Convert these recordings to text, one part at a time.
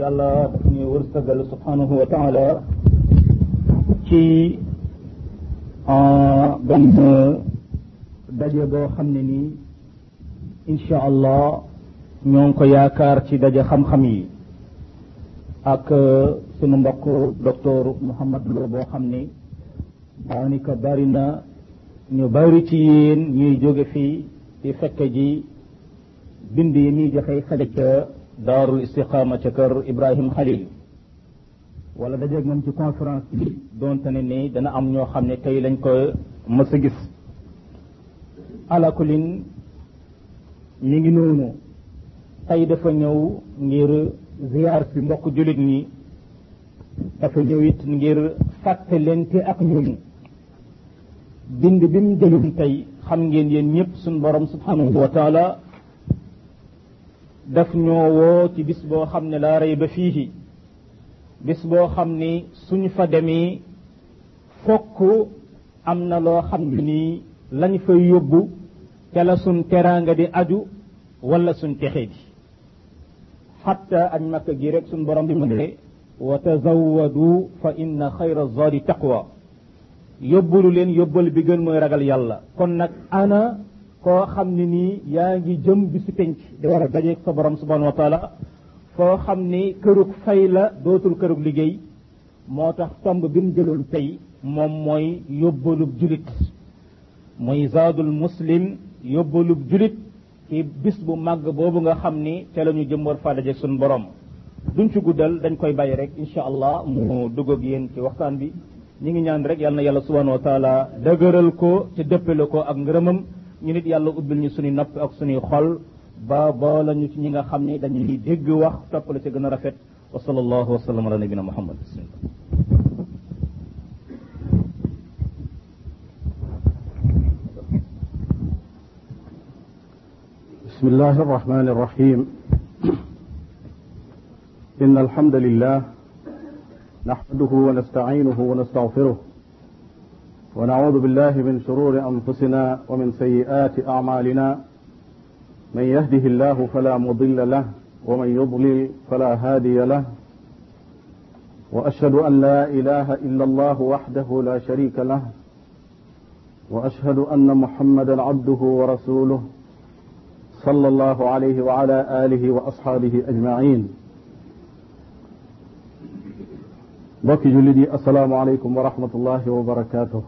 yàlla daf ñuy wërsëgal subhanahu wa taala ci euh, benn daje boo xam ne nii incha allah ñoo ngi ko yaakaar ci daje xam-xam yi ak euh, sunu mbokk docteur Mouhamad Lo boo xam ni daanaka bari na ñu bari ci yéen ñuy jóge fii di fekke ji bind yi ñuy joxe daarul istiqaama ca kër Ibrahim Khalil wala dajeeg moom ci conférence bi doonte ne dana am ñoo xam ne tey lañ ko mës a gis alakulin mi ngi nu tey dafa ñëw ngir ziyaar fi mbokk jullit ñi dafa ñëw it ngir fàtte leen te ak ñoom bind bi mu jëlum tey xam ngeen yéen ñëpp suñ borom subhanahu daf ñoo woo ci bis boo xam ne laa rey ba fii bis boo xam ni suñ fa demee fokk am na loo xam ne nii lañ fay yóbbu ca la suñ teraanga di aju wala suñ texe di xatta añ makka gi rek suñ borom bi mu ne wa tazawwadu fa inna xayra zaadi taqwa yóbbalu leen yóbbal bi gën mooy ragal yàlla kon nag ana koo xam ne nii yaa ngi jëm bi si penc di war a dajeeg sa borom subhanahu wa foo xam ni kërug fay la dootul kërug liggéey moo tax tomb bi mu jëloon tey moom mooy yóbbalub julit mooy zaadul muslim yóbbalub julit ci bis bu màgg boobu nga xam ni te la ñu jëm war faa dajeeg suñu borom duñ ci guddal dañ koy bàyyi rek incha allah mu dugg ak yéen ci waxtaan bi ñu ngi ñaan rek yàlla na yàlla subhanahu wa taala dëgëral ko te dëppale ko ak ngërëmam ñu nit yàlla ubbil ñu suñuy nopp ak suñuy xol ba boole ñu ci ñi nga xam ne dañuy dégg wax topp la ca gën a rafet wa sallallahu wa sallam ala nabina muhammad بسم الله الرحمن الرحيم إن الحمد لله نحمده ونستعينه ونستغفره ونعوذ بالله من شرور أنفسنا ومن سيئات أعمالنا من يهده الله فلا مضل له ومن يضلل فلا هادي له وأشهد أن لا إله إلا الله وحده لا شريك له وأشهد أن محمدا عبده ورسوله صلى الله عليه وعلى آله وأصحابه أجمعين mbokki jullit yi asalaamaaleykum wa rahmatullahi wa barakaatuh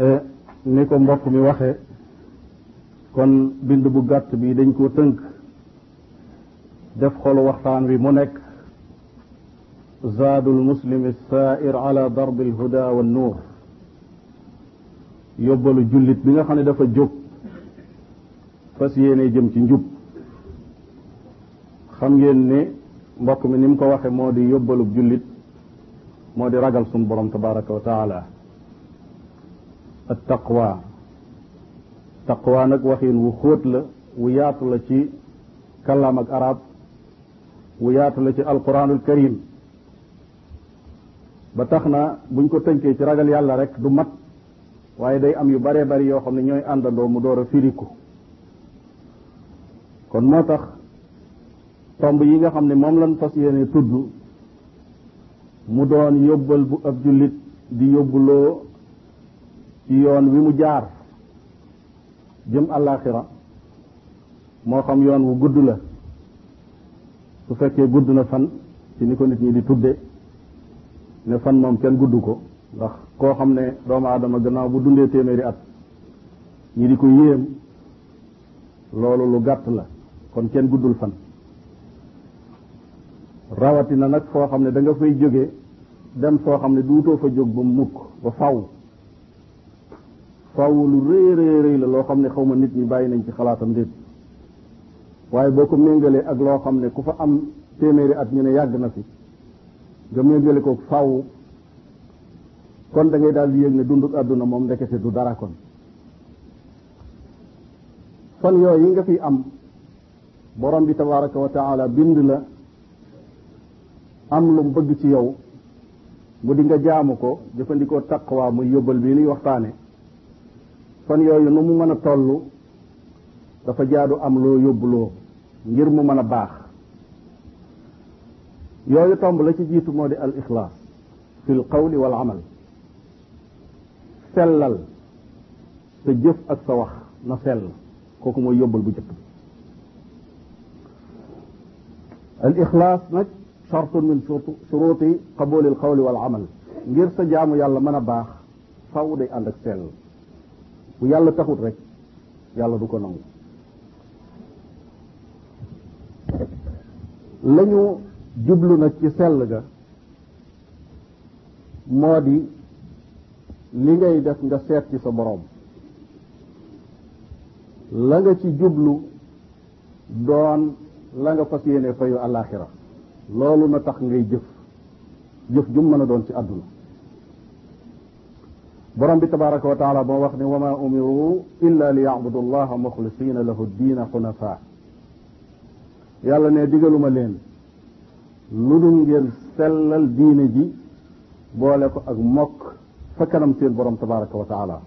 Eh, ni ko mbokk mi waxe kon bind bu gàtt bii dañ koo tënk def xolu waxtaan wi mu nekk zaadu lmuslimi saair ala darbi alhuda wa nuur yóbbalu jullit bi nga xam ne dafa jóg fas yéene jëm ci njub xam ngeen ni mbokk mi ni mu ko waxe moo di yóbbalub jullit moo di ragal sunu borom tabaraka wa taala ak taqwa taqwa nag waxin wu xóot la wu yaatu la ci kàllaam ak arab wu yaatu la ci alquranul karim ba tax na buñ ko tënkee ci ragal yàlla rek du mat waaye day am yu baree bari yoo xam ne ñooy àndandoo mu door a firiku kon moo tax tomb yi nga xam ne moom lañ fas yéene tudd mu doon yóbbal bu ab jullit di yóbbuloo yoon wi mu jaar jëm àllaaxira moo xam yoon wu gudd la su fekkee gudd na fan ci ni ko nit ñi di tudde ne fan moom kenn gudd ko ndax koo xam ne doomu aadama gannaaw bu dundee téeméeri at ñi di ko yéem loolu lu gàtt la kon kenn guddul fan rawatina nag foo xam ne danga nga fay jóge dem foo xam ne duutoo fa jóg ba mukk ba faw faaw lu rëy rëy rëy la loo xam ne xaw ma nit ñi bàyyi nañ ci xalaatam déet waaye boo ko méngalee ak loo xam ne ku fa am téeméeri at ñu ne yàgg na fi nga méngale ko faaw kon dangay daal di yëg ne dunduk àdduna moom ndekete du dara kon fan yooyu nga fi am boroom bi tabaraka wa bind la am lu mu bëgg ci yow mu di nga jaamu ko jëfandikoo taqwa muy yóbbal bii nuy waxtaane kon yooyu nu mu mën a toll dafa jaadu am loo yóbbuloo ngir mu mën a baax yooyu tomb la ci jiitu moo di al ixlaas fi l qawli wal amal sellal sa jëf ak sawax wax na sell kooku mooy yóbbal bu njëkk bi al ixlaas nag chartun min shuruti qabuli al qawli wal amal ngir sa jaamu yàlla mën a baax faw day ànd ak sell bu yàlla taxut rek yàlla du ko nangu lañu jublu nag ci sell ga moo di li ngay def nga seet ci sa boroom la nga ci jublu doon la nga fas yéene fayu àllaaxira loolu na tax ngay jëf jëf jum mën a doon ci àdduna borom bi tabaraka wa taala moo wax ne wa ma umiru illa li yacbudu allaha muxlisina lahu diina xunafa yàlla ne digaluma leen lu dul ngeen sellal diine ji boole ko ak mokk fa kanam seen borom tabaraka wa taala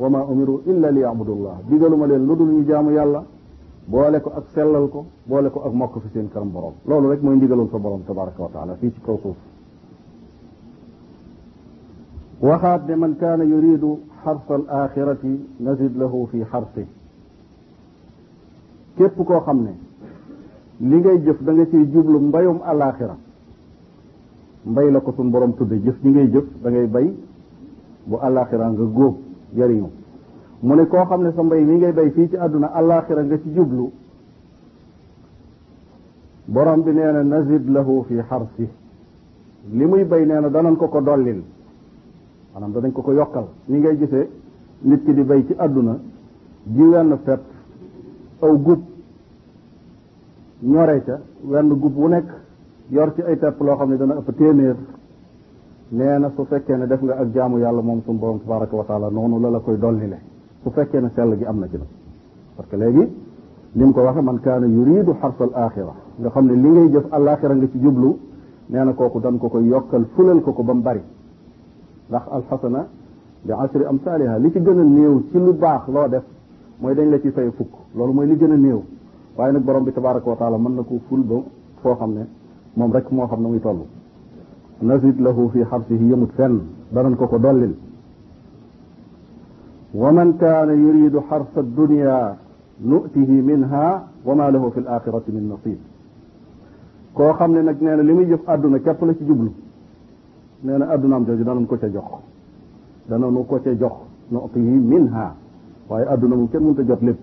wa ma umiru illa li yacbudu allah digaluma leen lu dul ñu jaamu yàlla boole ko sellal ko boole ko ak mokk fi seen kanam borom loolu rek mooy ndigalul sa borom tabaraka wa taala fii ci kaw suuf waxaat ne man kaana yuridu xarsa al axirati nazid lahu fi xarsi képp koo xam ne li ngay jëf da nga ciy jublu mbayum alaxira mbay la ko sun borom tudde jëf ji ngay jëf da ngay bay bu alaxira nga góob jëriñu mu ne koo xam ne sa mbay mi ngay bay fii ci àdduna alaxira nga ci jublu borom bi nee na nazid lahu fi xarsi li muy bay nee na danañ ko ko dollil da dañ ko ko yokkal ni ngay gisee nit ki di bay ci àdduna ji wenn fepp aw gub ñoree ca wenn gub wu nekk yor ci ay tepp loo xam ne dana ëpp téeméer nee na su fekkee ne def nga ak jaamu yàlla moom suñu borom tabaraka wa taala noonu la la koy dollile su fekkee ne sell gi am na ci nag parce que léegi li mu ko waxe man kaana yuridu xarsal axira nga xam ne li ngay jëf alaxira nga ci jublu nee na kooku dan ko koy yokkal fulal ko ko ba mu bari ndax alxasana bi asri amsaaliha li ci gën a néew ci lu baax loo def mooy dañ la ci fay fukk loolu mooy li gën a néew waaye nag borom bi tabaraka wa taala mën na ko ful ba foo xam ne moom rek moo xam ne muy toll nazid lahu fi xabsihi yëmut fenn danañ ko ko dollil wa man kaana yuridu xarsa dunia nutihi minha wa ma lahu fi l axirati min nasib koo xam ne nag nee na li muy jëf àdduna képp la ci jublu nee na addunaam jooju danañ ko ca jox danañu ko ca jox noot yi minha waaye adduna moom kenn mënta jot lépp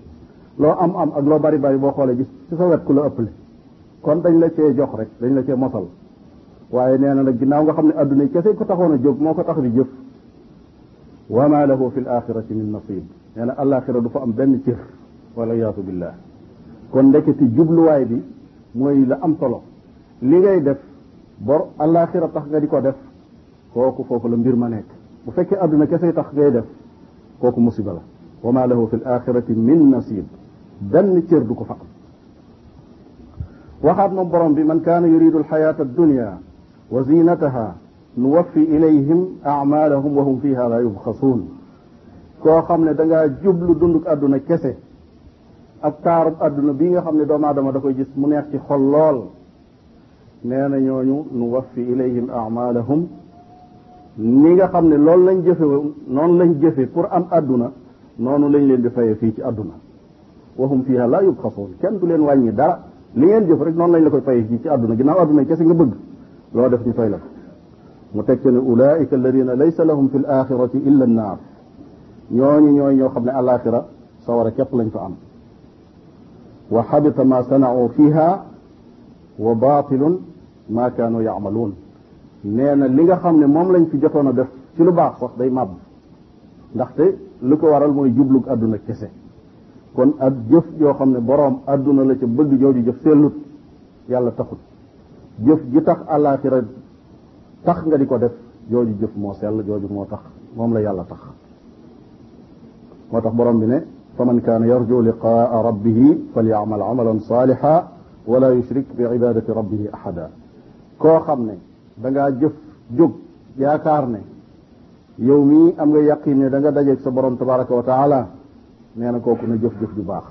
loo am am ak loo bari bari boo xoolee gis ci sa ku la ëppale kon dañ la cee jox rek dañ la cee mosal waaye nee na nag ginnaaw nga xam ne adduna yi kese ko taxoon a jóg moo ko tax di jëf wa ma lahu fi l axirati min nasib nee na alaxira du fa am benn cër wala yaatu billah kon ndeketi jubluwaay bi mooy la am solo li ngay def bor alaxira tax nga di ko def kooku foofu la mbir ma nekk bu fekkee àdduna kese tax ngay def kooku musiba la wa ma lahu fi l min nasib benn cër du ko fa am waxaat moom borom bi man kaan yuridu alxayata addunia wa zinataha nuwaffi ilayhim amalahum wa hum fiha la xam ne danga jublu dunduk àdduna kese ak taarub àdduna bii nga xam ne doomu aadama da koy gis mu neex ci xol lool nee na ñooñu nuwaffi ilayhim amalahum ni nga xam ne loolu lañ jëfe noonu lañ jëfe pour am àdduna noonu lañ leen di fayee fii ci àdduna waxum fiiha laa yubxasuun kenn du leen wàññi dara li ngeen jëf rek noonu lañ la koy fayee fii ci àdduna ginnaaw àdduna kese nga bëgg loo def ñu fay la ko mu teg ci ne ulaika alladina laysa lahum fi l axirati illa annaar ñooñu ñooy ñoo xam ne alaxira sawara képp lañ fa am wa xabita ma sanau fiiha wa baatilun ma kaanu yaamaluun nee na li nga xam ne moom lañ fi jotoon a def ci lu baax sax day màbb ndaxte lu ko waral mooy jublug àdduna kese kon ak jëf yoo xam ne boroom àdduna la ci bëgg jooju jëf sellut yàlla taxul jëf ji tax àllaaxira tax nga di ko def jooju jëf moo sell jooju moo tax moom la yàlla tax moo tax borom bi ne fa man kaana yarju liqaa rabbihi falyamal amalan saaliha wala yushrik bi ibadati rabbihi ahada koo xam ne da jëf jóg yaakaar ne yow mii am nga yaqin ne da nga dajeeg sa borom tabaraka wa taala nee na kooku na jëf-jëf ju baax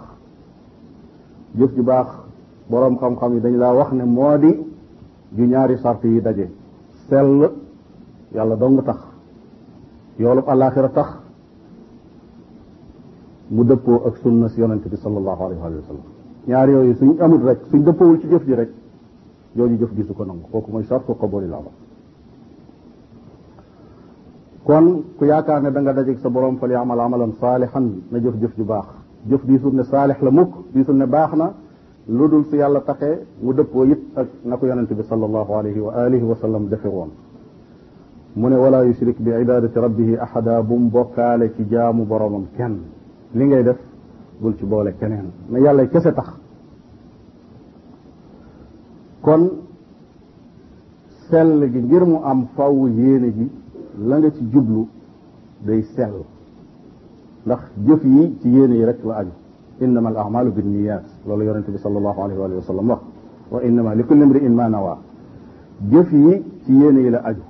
jëf ju baax boroom xam-xam yi dañ laa wax ne moo di ju ñaari sart yi daje sell yàlla dong tax yoolub àllaaxira tax mu dëppoo ak sunna si yonente bi sallallahu alayhi wa sallam ñaar yooyu suñ amul rek suñ dëppoowul ci jëf ji rek jooju jëf gisu ko nangu kooku mooy sart ko qabuli al amal kon ku yaakaar ne da nga dajeeg sa borom fal yaamal amalan saalihan na jëf-jëf ju baax jëf diisul na saalix la mukk diisul na baax na lu dul si yàlla taxee mu dëppoo it ak na ko yonente bi sallallahu alayhi wa alihi wa sallam defe woon mu ne wala yushrik bi ibadati rabbihi ahada bu mu bokkaale ci jaamu boromam kenn li ngay def bul ci boole keneen na yàlla kese tax kon sell gi ngir mu am faw yéene ji la nga ci jublu day sell ndax jëf yi ci yéene yi rek la aju innama al amalu binniyat loolu yonente bi sallallahu alayhi wa sallam wax wa innama li kulli imri'in ma nawa jëf yi ci yéene yi la aju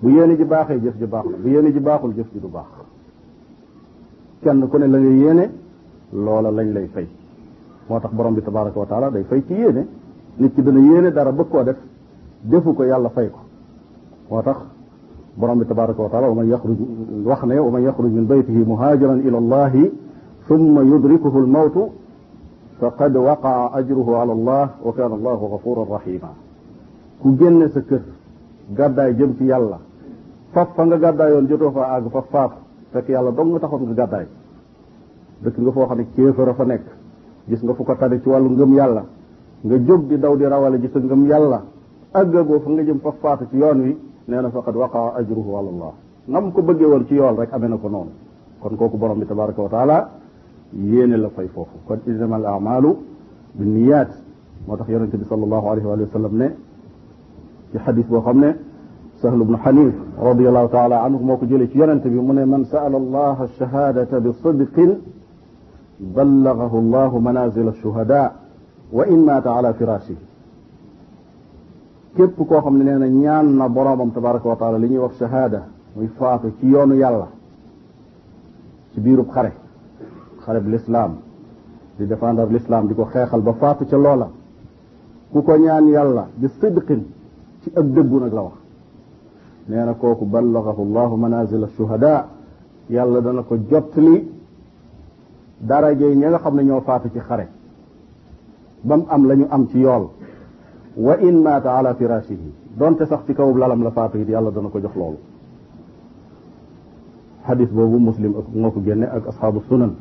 bu yéene ji baaxee jëf ji baax la bu yéene ji baaxul jëf ji du baax kenn ku ne la nga yéene loola lañ lay fay moo tax borom bi tabaraka wa taala day fay ci yéene nit ki dana yéene dara bëgg koo def defu ko yàlla fay ko moo tax borom bi tabaraka wa taala wa yaxruj wax ne wa man yaxruj min baytihi muhaajiran ila allahi summa yudrikuhu almawtu faqad waqaa ajruhu allah wa kaana allahu gafuran rahima ku génne sa kër gàddaay jëm ci yàlla faf fa nga gàddaayoon jotoo fa àgg fa faaf fekk yàlla dong nga taxoon nga gàddaay dëkk nga foo xam ne kéefër nekk gis nga fu ko tane ci wàllu ngëm yàlla nga jóg di daw di rawale ji sa ngëm yàlla àggagoo fa nga jëm fa faatu ci yoon wi nee na faqad waqa ajruhu ala allah nam ko bëggee woon ci yool rek amee na ko noonu kon kooku borom bi tabaraka wa taala yéene la fay foofu kon innamal amalu bi niyaat moo tax yonente bi sallallahu alayhi wa sallam ne ci xadis boo xam ne sahl bnu xanif radiallahu taala anhu moo ko jëlee ci yonente bi mu ne man saala allah alshahadata bi sidqin ballagahu allahu manazila alshuhada wa in maata ala firaasihi képp koo xam ne nee na ñaan na boroomam tabaraka wa li ñuy wax shahaada muy faatu ci yoonu yàlla ci biirub xare xare bi lislaam di défendre lislaam di ko xeexal ba faatu ca loola ku ko ñaan yàlla bi sidqin ci ak dëggu nag la wax nee na kooku ballagahu llahu manazila shuhada yàlla dana ko jottali darajey ña nga xam ne ñoo faatu ci xare ba am la ñu am ci yool wa in la ala firashihi donte sax ci kawub lalam la faatu it yàlla dana ko jox loolu xadis boobu muslim ak moo ko génne ak asxaabu sunan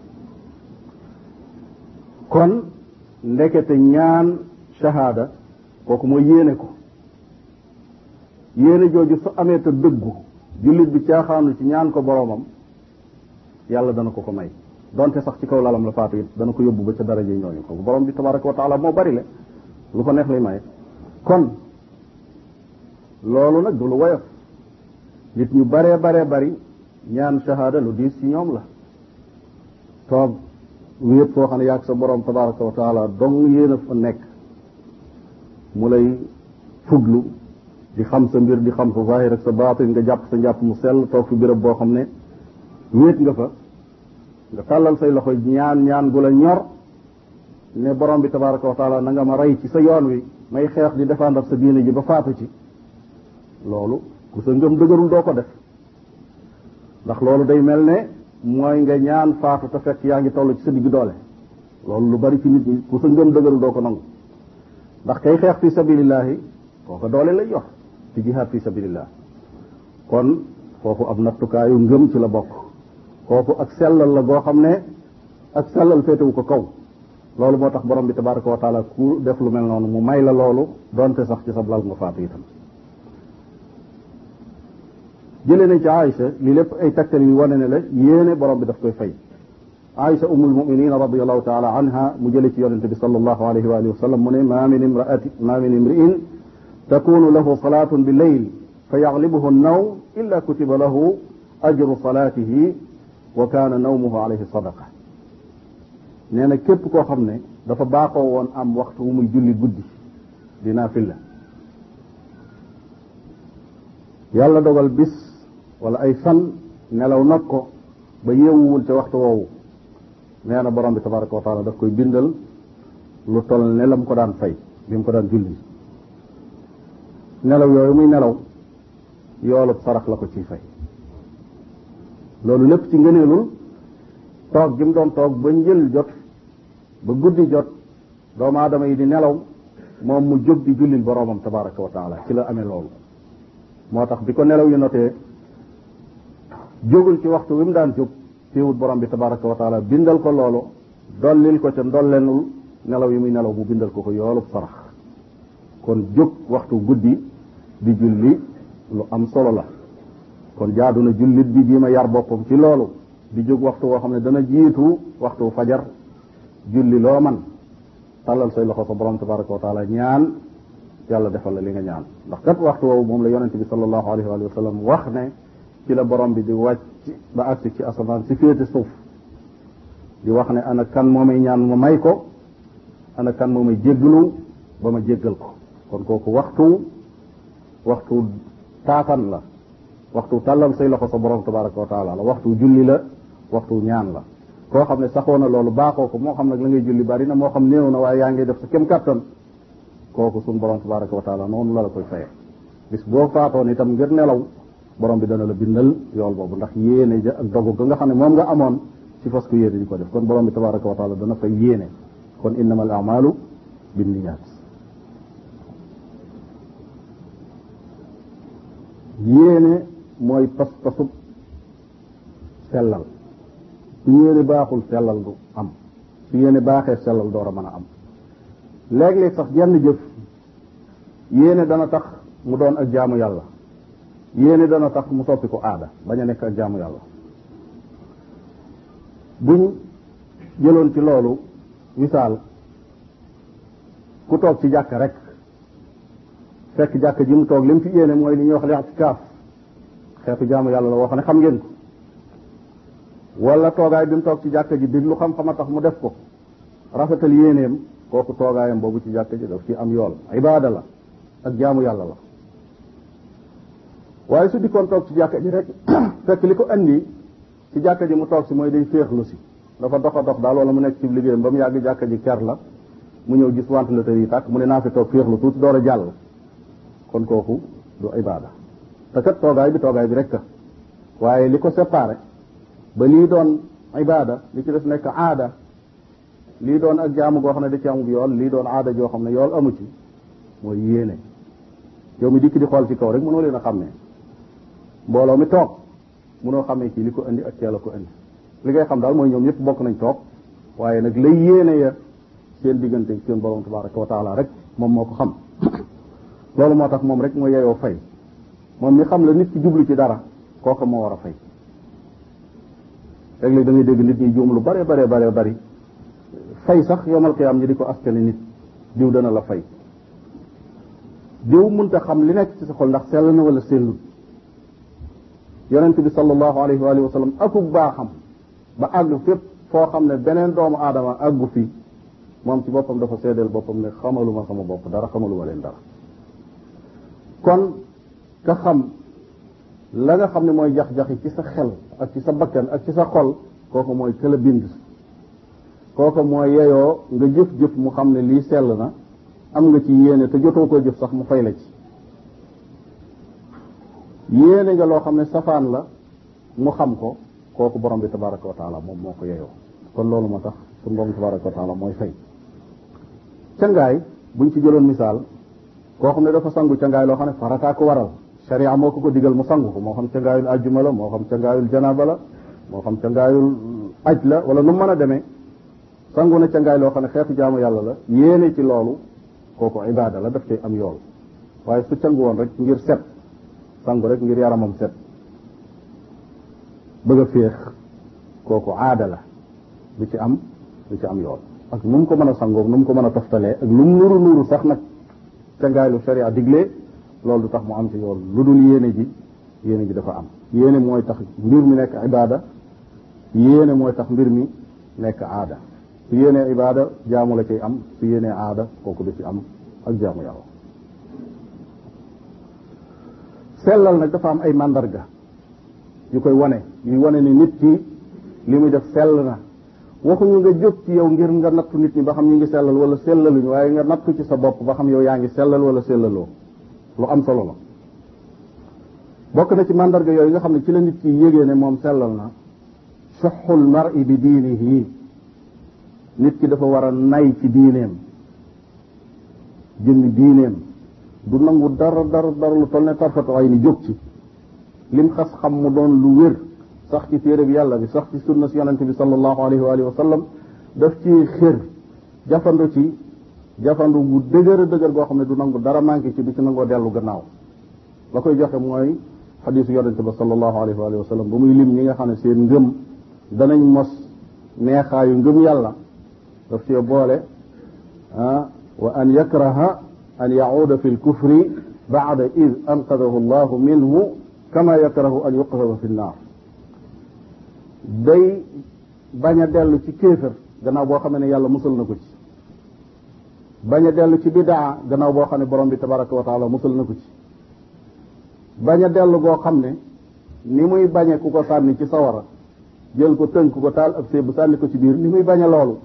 kon ndekete ñaan shahaada kooku mooy yéene ko yéene jooju su amee te dëggu jullit bi caaxaanu ci ñaan ko boromam yàlla dana ko ko may donte sax ci kaw lalam la faatu it dana ko yóbbu ba ca daraje ñooñu kooku borom bi tabaraka wa taala moo bari le lu ko neex lay may kon loolu nag du lu woyof nit ñu baree baree bari ñaan shahada lu diis ci ñoom la toog wéet foo xam ne yàgg sa borom tabaraka wa taala dong yéen a fa nekk mu lay fuglu di xam sa mbir di xam sa zahir sa baatin nga jàpp sa njàpp mu sell toog fi béréb boo xam ne wéet nga fa nga tàllal say loxo ñaan ñaan gu la ñor ne borom bi tabaraka wa taala na nga ma rey ci sa yoon wi may xeex di défendre sa diine ji ba faatu ci loolu ku sa ngëm dëgërul doo ko def ndax loolu day mel ne mooy nga ñaan faatu te fekk yaa ngi toll ci sa diggu doole loolu lu bari ci nit ñi ku sa ngëm dëgërul doo ko nangu ndax kay xeex fi sabilillahi kooka doole lay yor ci jihaad fi sabilillah kon foofu ab nattukaayu ngëm ci la bokk kooku ak sellal la goo xam ne ak sellal féetewu ko kaw loolu moo tax borom bi tabaraka wa taala ku def lu mel noonu mu may la loolu donte sax ci sa lal nga faatu itam jëlee nañ ci Aïcha li lépp ay takkal yu wane ne la yéene borom bi daf koy fay Aïcha umul muminina radiallahu taala anha mu jële ci yonente bi salallahu alayhi wa alihi wa sallam mu ne ma min imraati ma min imriin takunu lahu salatun bi leyl fa yaglibuhu naw illa kutiba lahu ajru salatihi wa kaana nawmuhu alayhi sadaqa nee na képp koo xam ne dafa baaxoo woon am waxtu wu muy julli guddi dinaa fil la yàlla dogal bis wala ay san nelaw nag ko ba yeewuwul ci waxtu woowu nee na borom bi tabaraka wa taala daf koy bindal lu toll ne la mu ko daan fay bi mu ko daan julli nelaw yooyu muy nelaw yoolub sarax la ko ciy fay loolu lépp ci ngëneelu toog gi mu doon toog ba njël jot ba guddi jot doomu aadama yi di nelaw moom mu bi di jullil boroomam tabaraka wa taala ci la amee loolu moo tax bi ko nelaw yi notee jógul ci waxtu wi mu daan jóg téewut borom bi tabaraka wa taala bindal ko loolu dollil ko ca ndollenul nelaw yi muy nelaw mu bindal ko ko yoolub sarax kon jóg waxtu guddi di julli lu am solo la kon jaadu na jullit bi jiima yar boppam ci loolu di jóg waxtu woo xam ne dana jiitu waxtu fajar julli loo man tàllal say loxo ko borom tabaraka wa taala ñaan yàlla defal la li nga ñaan ndax kat waxtu woowu moom la yonente bi sallallahu alayhi wa sallam wax ne ci borom bi di wàcc ba ci asamaan si féete suuf di wax ne ana kan moo may ma may ko kan moo may jéggalu ma jéggal ko kon kooku waxtu waxtu taatan la waxtu tàllal say loxo sa borom tabaraka wa taala la waxtu julli la waxtu ñaan la koo xam ne saxoo na loolu baaxoo ko moo xam nag la ngay julli bari na moo xam néew na waaye yaa ngay def sa kem kàttan kooku suñ borom tabaraka wa taala noonu la la koy faye bis boo faatoon itam ngir nelaw borom bi dana la bindal yool boobu ndax yéene ja ak dogu ga nga xam ne moom ga amoon ci fas ku yéene di ko def kon borom bi tabaraka wa taala dana fay yéene kon innama al mooy pas-pasub sellal su yéene baaxul sellal du am su yéene baaxee sellal door a mën a am léeg-léeg sax jenn jëf yéene dana tax mu doon ak jaamu yàlla yéene dana tax mu soppi ko aada bañ nekk ak jaamu yàlla buñ jëloon ci loolu misaal ku toog ci jàkka rek fekk jàkka ji mu toog li mu fi yéene mooy li ñuy wax li ci xeetu jaamu yàlla la woo xam ne xam ngeen ko wala toogaay bi mu toog ci jàkka ji déglu xam-xam a tax mu def ko rafetal yéeneem kooku toogaayam boobu ci jàkka ji daf ci am yool ibaada la ak jaamu yàlla la waaye su dikkoon toog ci jàkka ji rek fekk li ko andi ci jàkka ji mu toog si mooy day féexlu si dafa dox a dox daal wala mu nekk ci liggéeyam ba mu yàgg jàkka ji ker la mu ñëw gis want la tër yi tàkk mu ne naa fi toog féexlu tuuti door a jàll kon kooku du ibaada te kat bi toogaay bi rek waaye li ko séparé ba lii doon ibada li ci des nekk aada lii doon ak jaamu goo xam ne da ci amub yool lii doon aada joo xam ne yool amu ci mooy yéene yow mi dikk di xool ci kaw rek mënoo leen a xàmmee mbooloo mi toog mënoo xàmmee kii li ko indi ak teel ko indi li ngay xam daal mooy ñoom ñëpp bokk nañ toog waaye nag lay yéene ya seen diggante seen borom tabaraka wa taala rek moom moo ko xam loolu moo tax moom rek mooy yeyoo fay moom mi xam la nit ki jublu ci dara kooka moo war a fay léeg-léeg da ngay dégg nit ñi juum lu bare bare bare bari fay sax yomal xiyaam ñi di ko askane nit diw dana la fay diw mënta xam li nekk ci sa xol ndax sell na wala sellut yonent bi sallallahu alayhi wa alihi wa sallam baaxam ba àgg fépp foo xam ne beneen doomu aadama àggu fi moom ci boppam dafa seedeel boppam ne xamaluma sama bopp dara xamaluma leen dara ka xam la nga xam ne mooy jax-jaxi ci sa xel ak ci sa bakkan ak ci sa xol kooku mooy këla bind kooku mooy yeyoo nga jëf-jëf mu xam ne lii sell na am nga ci yéene te jotoo koo jëf sax mu fay la ci yéene nga loo xam ne safaan la mu xam ko kooku borom bi tabaraka wa moom moo ko yeyoo kon loolu moo tax suñu borom tabaraka wa mooy fay cangaay buñ ci jëloon misaal koo xam ne dafa sangu cangaay loo xam ne farataa ko waral sharia moo ko ko digal mu sangu ko moo xam cangaayul ajjuma la moo xam cangaayul janaaba la moo xam cangaayul aj la wala nu mën a demee sangu na cangaay loo xam ne xeetu jaamu yàlla la yéene ci loolu kooku ibaada la daf cay am yool waaye su cangu woon ngir set sangu rek ngir yaramam set bëgg a féex kooku aadala la ci am lu ci am yool ak nu mu ko mën a sangoog ko mën a toftalee ak lu mu nuru nuru sax nag cangaay lu sharia diglee loolu du tax mu am ci yoon lu dul yéene ji yéene ji dafa am yéene mooy tax mbir mi nekk ibaada yéene mooy tax mbir mi nekk aada su yéenee ibaada jaamu la cay am su yéenee aada kooku du ci am ak jaamu yàlla sellal nag dafa am ay màndarga yu koy wane yu wane ni nit ki li muy def sell na waxuñu nga jóg ci yow ngir nga nattu nit ñi ba xam ñu ngi sellal wala sellaluñu waaye nga nattu ci sa bopp ba xam yow yaa ngi sellal wala sellaloo lu am solo bokk na ci mandarga yooyu nga xam ne ci la nit ki yégée ne moom sellal na soxul mari bi diinihi nit ki dafa war a nay ci diineem jëmmi diineem du nangu dara dara dara lu toll ne tarfatu ay ni jóg ci lim xas xam mu doon lu wér sax ci téere bi yàlla bi sax ci sunna si yonente bi sallallahu alayhi wa alihi daf ci xër jafandu ci jafandu bu dëgër a dëgër goo xam ne du nangu dara manqué ci du ci nangoo dellu gannaaw la koy joxe mooy xadisu yonente ba sallallahu alayhi wa sallam ba muy lim ñi nga xam ne seen ngëm danañ mos neexaayu ngëm yàlla daf cee boole ah wa an yakraha an yacuuda fi lkufri bacda id anqadahu allahu minhu kama yakrahu an yuqsaba fi nnaar day bañ a dellu ci kéefër gannaaw boo xam ne yàlla musal na ko ci bañ a dellu ci bidaa gannaaw boo xam ne borom bi tabaraka wa taala musal na ko ci bañ a dellu goo xam ne ni muy bañe ku ko sànni ci sawara jël ko ku ko taal ab séeb bu sànni ko ci biir ni muy bañe loolu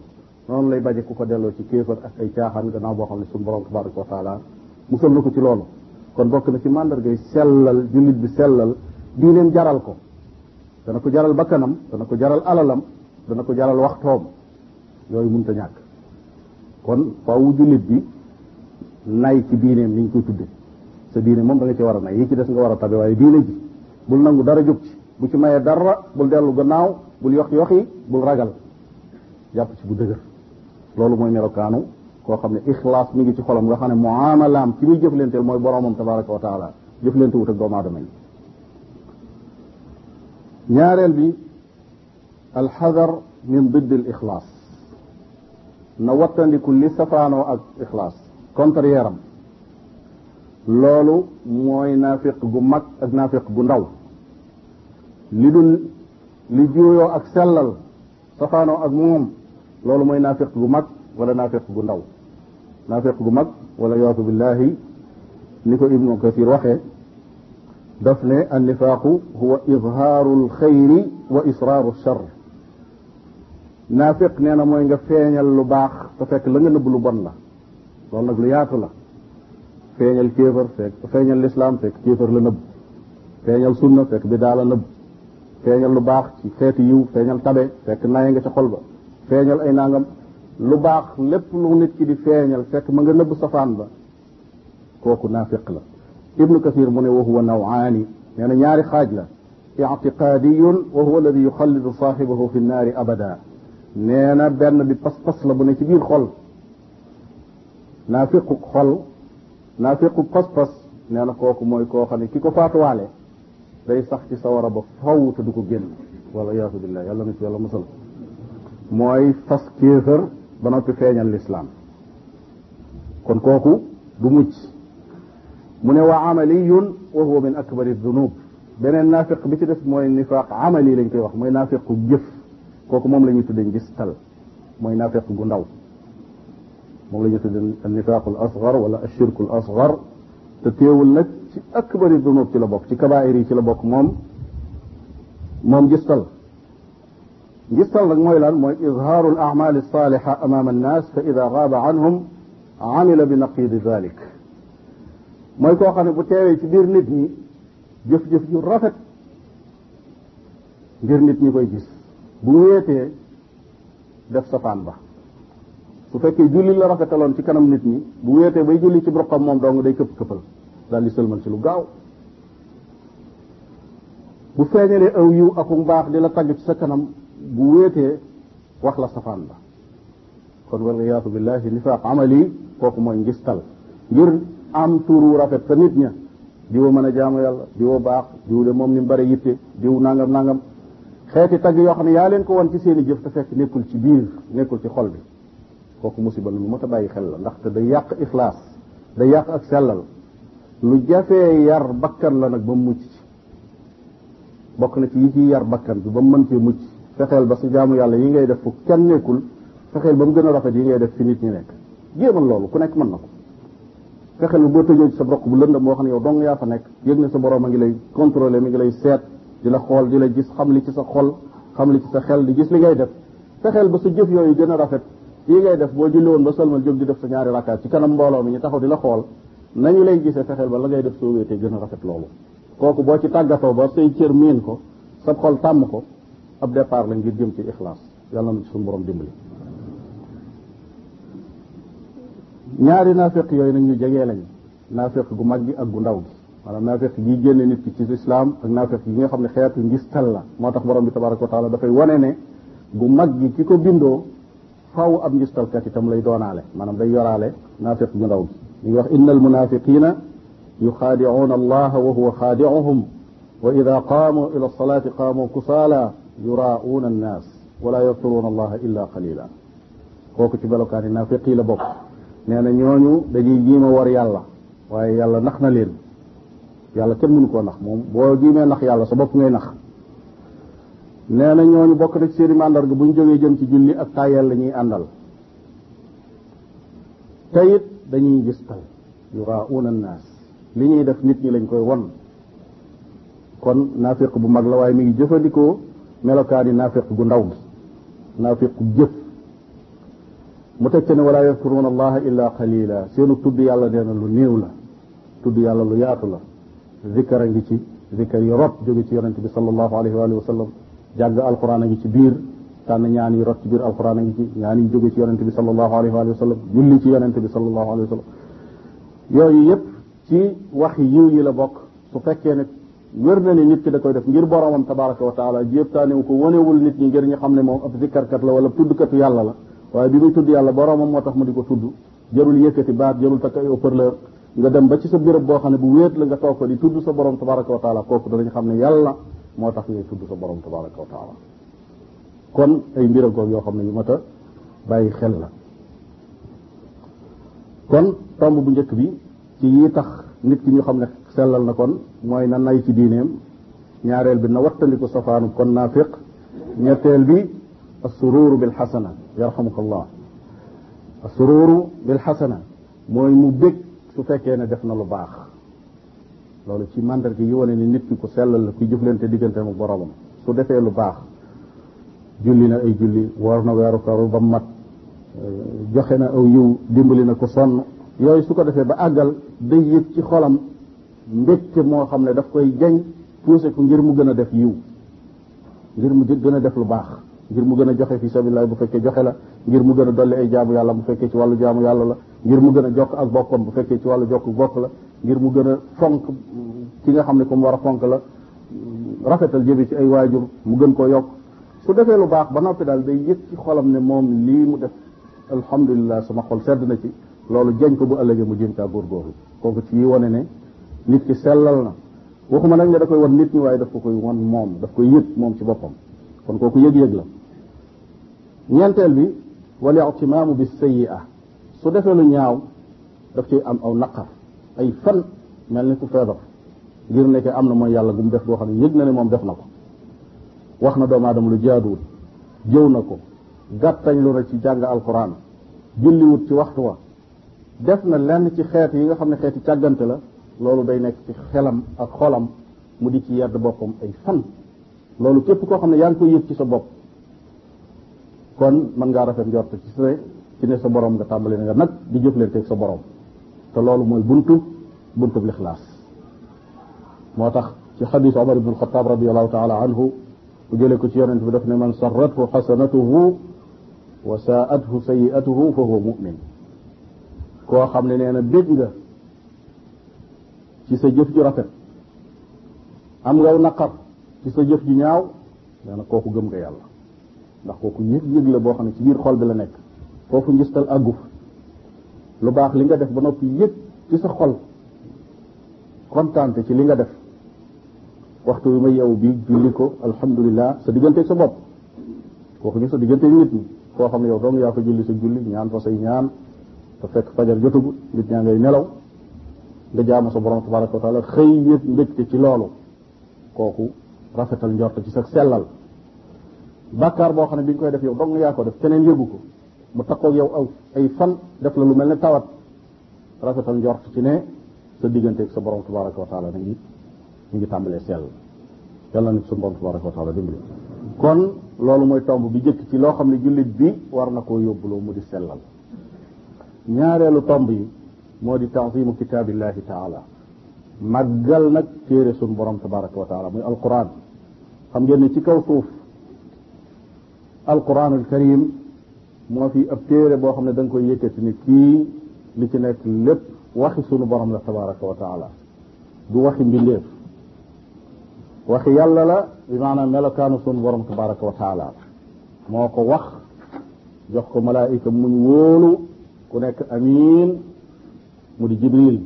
noonu lay bañe ku ko delloo ci kéefar ak ay caaxaan gannaaw boo xam ne suñu borom tabaraka wa taala musal na ko ci loolu kon bokk na ci màndargay sellal jullit bi sellal diineem jaral ko dana ko jaral bakkanam dana ko jaral alalam dana ko jaral waxtoom yooyu mënta kon faaw jullit bi nay ci diineem ni ñu koy tudde sa diine moom da nga ci war a nay yi ci des nga war a tabe waaye diine ji bul nangu dara jóg ci bu ci mayee dara bul dellu gannaaw bul yox yoxi bul ragal jàpp ci bu dëgër loolu mooy melokaanu koo xam ne ixlaas mi ngi ci xolam nga xam ne muamalaam ci muy jëflanteel mooy boromam tabaraka wa taala jëflante wut ak doomu aadama yi ñaareel bi alxadar min didd al ixlaas na wattandiku li safaanoo ak ixlaas contraire am loolu mooy naafiq gu mag ak naafiq gu ndaw li dul li juuyoo ak sellal safaanoo ak moom loolu mooy naafiq gu mag wala naafiq gu ndaw naafiq gu mag wala yaasu billahi ni ko ibnu kasir waxee daf ne annifaaqu huwa izhaaru alxayri wa israaru alchar naafiq nee na mooy nga feeñal lu baax te fekk la nga nëbb lu bon la loolu nag lu yaatu la feeñal kéefër fekk feeñal lislaam fekk kéefër la nëbb feeñal sunna fekk bidaa la feeñal lu baax ci xeeti yiw feeñal tabe fekk naye nga ca xol feeñal ay nangam lu baax lépp lu nit ki di feeñal fekk ma nga nëbb safaan ba kooku naafiq la ibnu kasir mu ne wa huwa nawaani nee na ñaari xaaj la ictiqaadiyun wa huwa alladi yuxallidu saaxibahu fi naar abada nee na benn bi pas-pas la bu ne ci biir xol naa féquk xol naa féquk pas-pas nee na kooku mooy koo xam ne ki ko faatuwaale day sax ci sawara ba faw te du ko génn wala yaasu billah yàlla na ci yàlla musal mooy fas kéefër ba noppi feeñal lislaam kon kooku du mucc mu ne waa amaliyun wa huwa min akbari dunub beneen naafiq bi ci def mooy nifaaq amali lañ koy wax mooy naafiqu jëf kooku moom la ñuy tuddee ngistal mooy naafeq gu ndaw moom la ñuy tuddee annifaaqul asgar wala ashirkul asgar te teewul nag ci akbari dunub ci la bokk ci kabaayir yi ci la bokk moom moom ngistal ngistal nag mooy lan mooy izhaarul amaali saaliha amaama annaas fa ida gaaba anhum amila bi naqidi dalik mooy koo xam ne bu teewee ci biir nit ñi jëf-jëf yu rafet ngir nit ñi koy gis bu wéetee def safaan ba su fekkee julli la rafetaloon ci kanam nit ñi bu wéetee bay julli ci boppam moom dong day këpp këppal daal di sëlmal ci lu gaaw bu feeñalee aw yiw aku mbaax di la tagg ci sa kanam bu wéetee wax la safaan ba kon waliyasu billahi nifaaq amali kooku mooy ngistal ngir am wu rafet fa nit ña diw mën a jaamu yàlla diw baax diw de moom ni mu bare yitte diw nangam nangam xeeti tagg yoo xam ne yaa leen ko wan ci seeni jëf te fekk nekkul ci biir nekkul ci xol bi kooku musiba lu mu a bàyyi xel la ndax ndaxte day yàq ixlaas day yàq ak sellal lu jafee yar bakkan la nag ba mu mucc ci bokk na ci yi ciy yar bakkan bi ba mu mën cee mucc fexeel ba si jaamu yàlla yi ngay def fu kenn nekkul fexeel ba mu gën a rafet yi ngay def fi nit ñi nekk jéemal loolu ku nekk mën na ko fexeel ba boo tëjoo ci sa bokk bu lëndam boo xam ne yow dong yaa fa nekk yëg ne sa borom a ngi lay contrôler mi ngi lay seet di la xool di la gis xam li ci sa xol xam li ci sa xel di gis li ngay def fexeel ba su jëf yooyu gën a rafet yi ngay def boo julli woon ba sëlmal jóg di def sa ñaari rakkaat ci kanam mbooloo mi ñu taxaw di la xool nañu lay gisee fexeel ba la ngay def soo wéetee gën a rafet loolu kooku boo ci tàggatoo ba say cër miin ko sa xol tàmm ko ab départ la ngir jëm ci ixlaas yàlla na ci suñu borom dimbali ñaari naafiq yooyu nag ñu jegee lañ naafiq gu mag gi ak gu ndaw gi maanaam naafeq yi génne nit ki ci lislaam ak naafeq yi nga xam ne xeetu ngistal la moo tax borom bi tabaraka wa taala dafay wane ne gu mag gi ki ko bindoo faw ab ngistalkat itam lay doonaale maanaam day yoraale naafeq gu ndaw gi ñu ngi wax inna almunafiqina yuxaadicuuna allaha wa huwa xaadicuhum wa ida qaamu ila alsalaati qaamu kusaala yuraauuna annaas wala yadkuruuna allaha illa qalila kooku ci melokaani naafeq yi la bokk nee na ñooñu dañuy jiima war yàlla waaye yàlla nax na leen yàlla kenn mënu koo nax moom boo jiimee nax yàlla sa bopp ngay nax nee na ñooñu bokk na ci seeni màndarga bu ñu jógee jëm ci julli ak tàyyeel la ñuy àndal te it dañuy gistal yuraa'uuna naas li ñuy def nit ñi lañ koy won kon naafiq bu mag la waaye mi ngi jëfandikoo melokaan yi naafiq gu ndaw gi naafiq gu jëf mu teg te ne walaa yadkuruuna allaha illa qalila seenu tudd yàlla nee na lu néew la tudd yàlla lu yaatu la zikkar a ngi ci zikkar yi rot jóge ci yonent bi sallallahu alayhi wa sallam jàgg alquran a ngi ci biir tànn ñaan yi rot ci biir alquran a ngi ci ñaan yi jóge ci yonent bi sallallahu alayhi wa sallam julli ci yonent bi sallallahu alayhi wa sallam yooyu yépp ci wax yiw yi la bokk su fekkee ne wér na ne nit ki da koy def ngir boromam tabaraka wa taala jéebtaanewu ko wanewul nit ñi ngir ñu xam ne moom ab zikkarkat la wala tuddkatu yàlla la waaye bi muy tudd yàlla boromam moo tax mu di ko tudd jarul yëkkati baat jarul takk ay haut-parleur nga dem ba ci sa béréb boo xam ne bu wéet la nga toog ko di tudd sa borom tabaraka ko taala kooku danañ xam ne yàlla moo tax ngay tudd sa borom tabaraka wa taala kon ay mbirankoog yoo xam ne yu mat a bàyyi xel la kon tomb bu njëkk bi ci yi tax nit ki ñu xam ne sellal na kon mooy na nay ci diineem ñaareel bi na wattandiku safaanu kon naafiq ñetteel bi assururu bil xasana yarxamukallah assururu bil xasana mooy mu bég su fekkee ne def na lu baax loolu ci màndarga yi wane ni nit ki ku sellal la kuy jëflante diggante mu boromam su defee lu baax julli na ay julli war na weeru karu ba mat euh, joxe na aw yiw dimbali na ko sonn yooyu su ko defee ba àggal day yëg ci xolam mbégte moo xam ne daf koy jañ poussé ko ngir mu gën a def yiw ngir mu gën a def lu baax ngir mu gën a joxe fi sabilillah bu fekkee joxe la ngir mu gën a dolli ay jaamu yàlla mu fekkee ci wàllu jaamu yàlla la ngir mu gën a jokk ak boppam bu fekkee ci wàllu jokk bokk la ngir mu gën a fonk ki nga xam ne kom war a fonk la rafetal jëme ci ay waajur mu gën ko yokk su defee lu baax ba noppi daal day yëg ci xolam ne moom lii mu def alhamdulilah sama xol sedd na ci loolu jañ ko bu ëllëgee mu jéem kaa góorgóorlu kooku ci wone wane ne nit ki sellal na waxuma nag ne da koy wan nit ñi waaye daf ko koy wan moom daf koy yëg moom ci boppam kon ko yëg-yëg la ñeenteel bi wal i'timaamu bis sayyi'a su defee lu ñaaw daf ciy am aw naqar ay fan mel ni ku feebar ngir nekk am na mooy yàlla gu def boo xam ne yëg na ne moom def na ko wax na doomu aadama lu jaaduwul jëw na ko gàttañ lu na ci jàng alquran julliwut ci waxtu wa def na lenn ci xeet yi nga xam ne xeeti càggante la loolu day nekk ci xelam ak xolam mu di ci yedd boppam ay fan loolu képp koo xam ne yaa ngi koy yëg ci sa bopp kon mën ngaa rafet njort ci sa ci ne sa boroom nga tàmbali nga nag di jëflanteeg sa borom te loolu mooy buntu buntu lixlaas moo tax ci xadiis bu ibn Xataab radiallahu taala anhu bu jëlee ko ci yonent bi daf ne man sarrathu xasanatuhu wa saa'athu sayi'atuhu fa huwa mu'min koo xam ne nee na bég nga ci sa jëf ju rafet am ngaw naqar ci sa jëf ju ñaaw nee na kooku gëm nga yàlla ndax kooku yëg-yëg la boo xam ne ci biir xol bi la nekk foofu njistal àggu fa lu baax li nga def ba noppi yëg ci sa xol kontaan ci li nga def waxtu wi ma yeewu bi julli ko alhamdulilah sa diggante sa bopp waxuñu sa diggante nit ñi koo xam ne yow dong yaa ko julli sa julli ñaan fa say ñaan te fekk fajar jotugu nit ñaa ngay nelaw nga jaamu sa borom tabaraka wa taala xëy yëg mbégte ci loolu kooku rafetal njort ci sa sellal bàkkaar boo xam ne bi nga koy def yow dong yaa ko def keneen yëgu ko mu takkoog yow aw ay fan def la lu mel ne tawat rafetal njort ci ne sa diggante ak sa borom tabaraka wa taala mi ngi mi ngi tàmbalee sell sa borom tabaraka wa kon loolu mooy tomb bi jëkk ci loo xam ne jullit bi war na koo yóbbuloo mu di sellal ñaareelu tomb yi moo di tanzimu kitaabillahi taala màggal nag téere sun borom tabaraka wa taala muy alquran xam ngeen ne ci kaw suuf alquranul karim moo fi ab téere boo xam ne da nga koy yëkkati ni kii mi ci nekk lépp wax sunu borom la tabaraka wa taala du waxi mbindeef waxi yàlla la bi maanaam melokaanu sunu borom tabaraka wa taala moo ko wax jox ko malaayika muñ wóolu ku nekk amin mu di jibril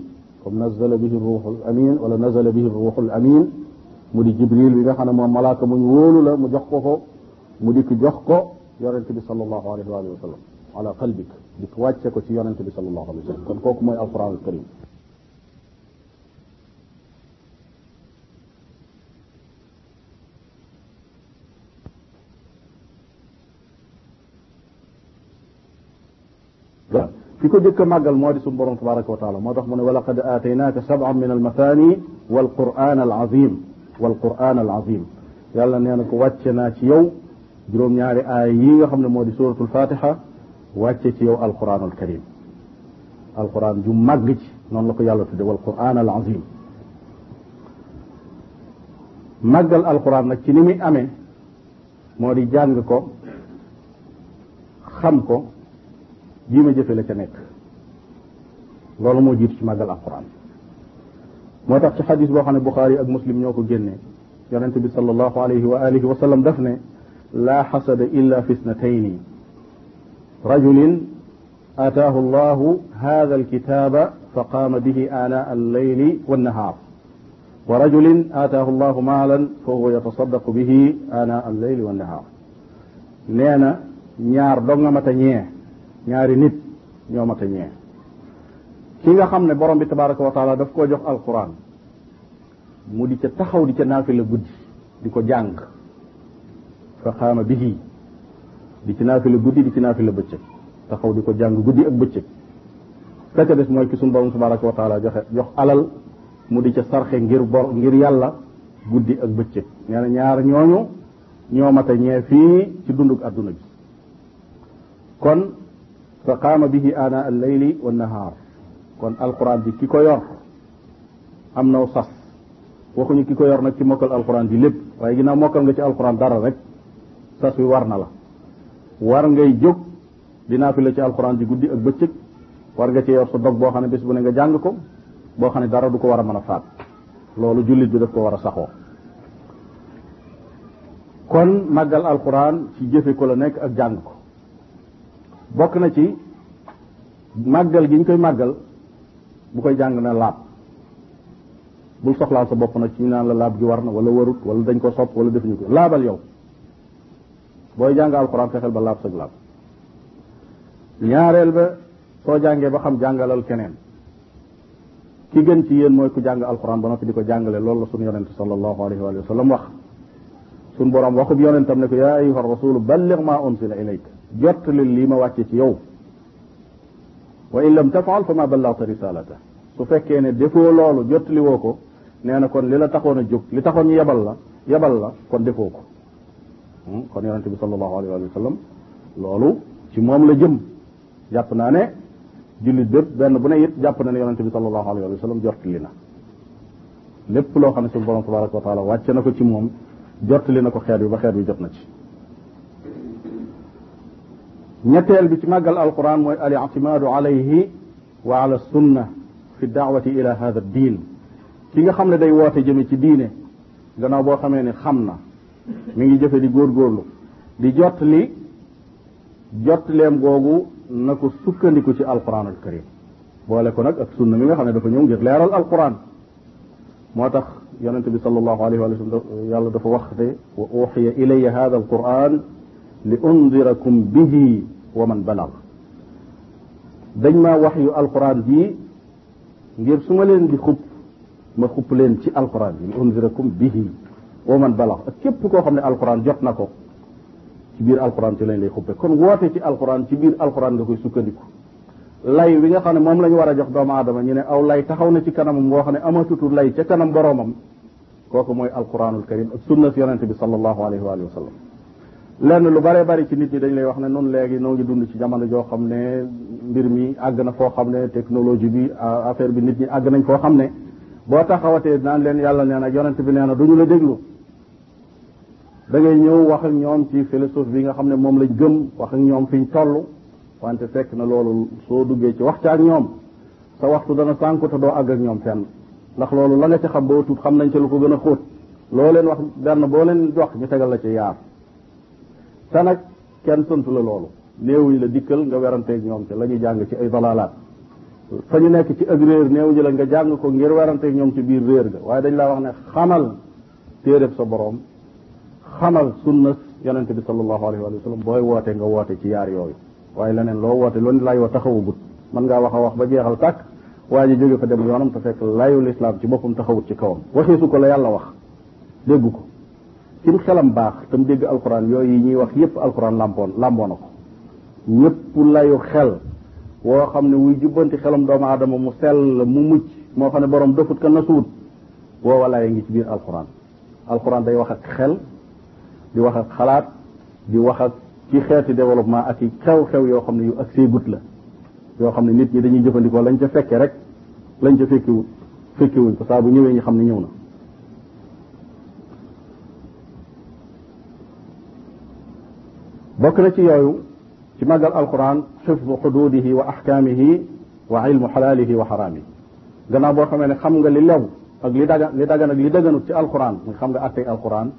comme nazala bihi ruuxul amin wala nazala bihi ruuxul amin mu di jibril bi nga xam ne moom la mu jox ko ko mu dikk jox ko yonent bi sallallahu alayhi wa sallam ala qalbik di ko wàcce ko ci yonent bi sallallahu alayhi wa sallam kon kooku mooy alquran al karim ki ko jëkk a màggal moo di suñu borom tabaraka wa taala moo tax mu ne walaqad aataynaaka sab'an min almathani walquran alazim walquran alazim yàlla nee na ko wàcce naa ci yow juróom-ñaari aaya yi nga xam ne moo di suratul fatiha wàcce ci yow alquranul karim alquran ju màgg ci noonu la ko yàlla tudde wal quran al azim màggal alquran nag ci ni muy amee moo di jàng ko xam ko jiima jëfe la ca nekk loolu moo jiitu ci màggal alquran moo tax ci xadis boo xam ne buxaari ak muslim ñoo ko génne yonente bi sallallahu alayhi wa alihi wa sallam daf ne laa xasada illa fi snatayni rajulin ataahu allahu hada alkitaba fa qaama bihi aanaa alleyli wannahaar wa rajulin ataahu allahu maalan fa huwa yatasaddaqu bihi aanaa alleyli wannahaar nee na ñaar donga mat a ñee ñaari nit ñoo mat a ñee ki nga xam ne borom bi tabaraka wa taala daf koo jox alquran mu di ca taxaw di ca naafila guddi di ko jàng fa xaama bihi di ci naafila guddi di ci naafila bëccëg taxaw di ko jàng guddi ak bëccëg ka ca des mooy ki suñu borom tabaraka wa taala joxe jox alal mu di ca sarxe ngir bor ngir yàlla guddi ak bëccëg nee ñaar ñooñu ñoo ñee fii ci dundug adduna bi kon fa qaama bihi ana al layli wa nahaar kon alquran bi ki ko yor am naw sas waxuñu ki ko yor nag ci mokkal alquran bi lépp waaye ginnaaw mokkal nga ci alquran dara rek sas wi war na la war ngay jóg dinaa fi la ci alxuraan ji guddi ak bëccëg war nga ci yor sa dog boo xam ne bés bu ne nga jàng ko boo xam ne dara du ko war a mën a faat loolu jullit bi daf ko war a saxoo kon màggal alxuraan ci jëfe ko la nekk ak jàng ko bokk na ci màggal gi ñu koy màggal bu koy jàng na laab bul soxlaal sa bopp nag ci ñu naan la laab gi war na wala warut wala dañ ko sopp wala ñu ko laabal yow booy jàng alxuraan fexeel ba laab sag laab ñaareel ba soo jàngee ba xam jàngalal keneen ki gën ci yéen mooy ku jàng alxuraan ba noppi di ko jàngale loolu la suñu yonente sallallahu alayhi wa sallam wax suñ boroom waxub yonentam ne ko yaa ayuha rasulu balligh ma unsila ilayka jottali lii ma wàcce ci yow wa in lam tafaal fa ma ballagta risalata su fekkee ne defoo loolu jottali woo ko nee na kon li la taxoon a jóg li taxoon ñu yebal la yebal la kon defoo ko Hmm? kon yonente bi sallallahu alayhi wa sallam loolu ci moom la jëm jàpp naa ne jullit bépp benn bu ne it jàpp na ne bi sallallahu alayhi wa sallam jottali na lépp loo xam ne suñu borom tabaraka wa taala wàcce na ko ci moom jottali na ko xeet bi ba xeet bi jot na ci ñetteel bi ci màggal alquran mooy al ictimaadu alayhi wa ala sunna fi daawati ila bi diin ki nga xam ne day woote jëme ci diine gannaaw boo xamee ne xam na mi ngi jëfe di góorgóorlu di jot li jot leem googu na ko sukkandiku ci alquran al karim boole ko nag ak sunna mi nga xam ne dafa ñëw ngir leeral alquran moo tax yonente bi sallallahu alayhi wa sallam yàlla dafa wax ne wa uxiya ilaya hada alquran li undirakum bihi wa dañ maa wax yu alquran bii ngir su ma leen di xub ma xub leen ci alquran bi li undirakum bi wa man balax ak képp koo xam ne alquran jot na ko ci biir alquran ci lañ lay xuppe kon woote ci alquran ci biir alquran nga koy sukkandiku lay wi nga xam ne moom la ñu war a jox doomu aadama ñu ne aw lay taxaw na ci kanamam boo xam ne amatutu lay ca kanam boroomam kooku mooy alquranul karim ak sunna si yonente bi sallallahu alayhi wa sallam lenn lu bare bari ci nit ñi dañ lay wax ne nun léegi noo ngi dund ci jamono joo xam ne mbir mi àgg na foo xam ne technologie bi affaire bi nit ñi àgg nañ foo xam ne boo taxawatee naan leen yàlla nee na yonent bi na du la déglu da ngay ñëw wax ak ñoom ci philosophe bi nga xam ne moom lañ gëm wax ak ñoom fiñ toll wante fekk na loolu soo duggee ci wax waxtaan ak ñoom sa waxtu dana sànku te doo àgg ak ñoom fenn ndax loolu la nga ci xam ba tuub xam nañ ci lu ko gën a xóot loo leen wax benn boo leen jox ñu tegal la ci yaar te nag kenn sant la loolu néewuñu la dikkal nga weranteeg ñoom ci la ñu jàng ci ay dalaalaat fa ñu nekk ci ak réer néewuñu la nga jàng ko ngir weranteeg ñoom ci biir réer ga waaye dañ laa wax ne xamal téereb sa boroom xamal sunna yonente bi sallallahu alayhi wa sallam booy woote nga woote ci yaar yooyu waaye leneen loo woote loolu lay wa man mën ngaa wax a wax ba jeexal tàkk waa ji jóge fa dem yoonam te fekk layul islam ci boppam taxawut ci kawam waxee su ko la yàlla wax dégg ko cim xelam baax tam dégg alquran yooyu yi ñuy wax yépp alquran làmboon làmboo na ko ñépp layu xel woo xam ne wuy jubbanti xelam doomu aadama mu sell mu mucc moo xam ne borom dofut ka nasuut woo walaay ngi ci biir alquran alquran day wax ak xel di wax ak xalaat di wax ak ci xeeti développement ak i xew-xew yoo xam ne yu ak see gut la yoo xam ne nit ñi dañuy jëfandikoo lañ ca fekke rek lañ ca fekkiwu fekkiwuñ ko saa bu ñëwee ñu xam ne ñëw na bokk na ci yooyu ci màggal alquran xifdu xududihi wa axkaamihi wa ilmu xalaalihi wa xaraamihi gannaaw boo xamee ne xam nga li lew ak li dagan li dagan ak li dëgganut ci alquran muy xam nga attey alquran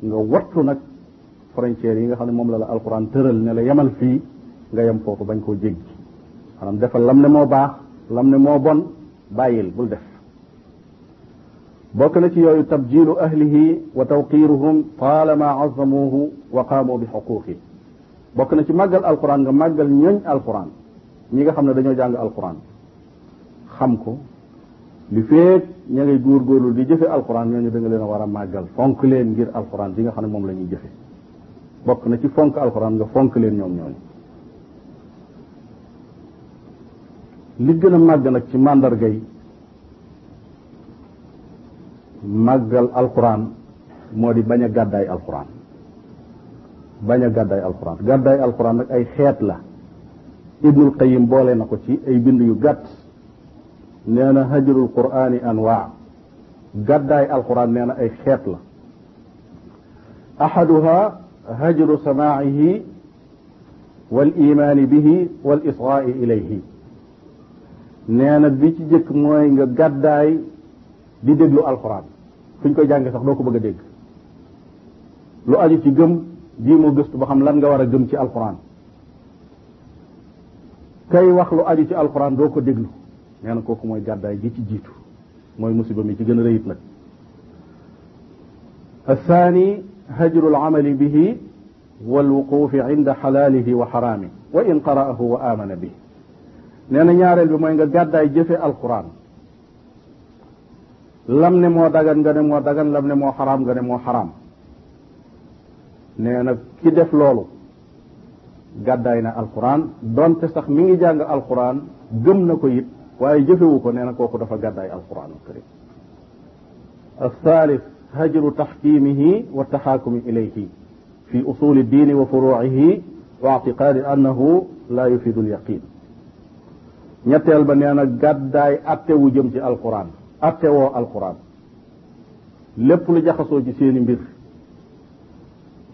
nga wattu nag frontières yi nga xam ne moom la la alxuraan tëral ne la yemal fii nga yem foofu bañ koo jéggi maanaam defal lam ne moo baax lam ne moo bon bàyyil bul def bokk na ci yooyu tabjilu ahlihi wa tawqiruhum taalama azamuhu wa qaamu bi xuquqi bokk na ci màggal alquran nga màggal ñooñ alquran ñi nga xam ne dañoo jàng alquran xam ko li feek ña ngay góor góorlu di jëfe alxuraan ñooñu da nga leen war a màggal fonk leen ngir alxuraan bi nga xam ne moom lañuy ñuy jëfe bokk na ci fonk alxuraan nga fonk leen ñoom ñooñu li gën a màgg nag ci màndarga yi màggal alxuraan moo di bañ a gàddaay alxuraan bañ a gàddaay alxuraan gàddaay alxuraan nag ay xeet la ibnul qayim boole na ko ci ay bind yu gàtt neena na hajarul qur'aani anwaa gàddaay alquran nee na ay xeet la axaduha hajru samaacihi wal imaani bihi wal israai ilayhi nee na bi ci jëkk mooy nga gàddaay di déglu alquran fu ñu koy jànge sax doo ko bëgg dégg lu aju ci gëm jii moo gëstu ba xam lan nga war a gëm ci alquran kay wax lu aju ci alquran doo ko déglu nee na kooku mooy gàddaay gi ci jiitu mooy musiba mi ci gën a rëyit nag athani hajru alamali bihi walwuqufi inda xalaalihi wa xaraami wa in qara'ahu wa amana bihi nee na ñaareel bi mooy nga gàddaay jëfe alquran lam ne moo dagan nga ne moo dagan lam ne moo xaraam nga ne moo xaraam nee na ki def loolu gàddaay na alquran donte sax mi ngi jàng alquran gëm na ko it waaye jëfewu ko nee na kooku dafa gàddaay alquran alkarim althalith hajru taxkimihi wa taxaakumi ilayhi fi usuli diini wa furuucihi wa ictiqaadi annahu laa yufidu lyaqin ñetteel ba nee na gàddaay ci alquran atte lépp lu jaxasoo ci seeni mbir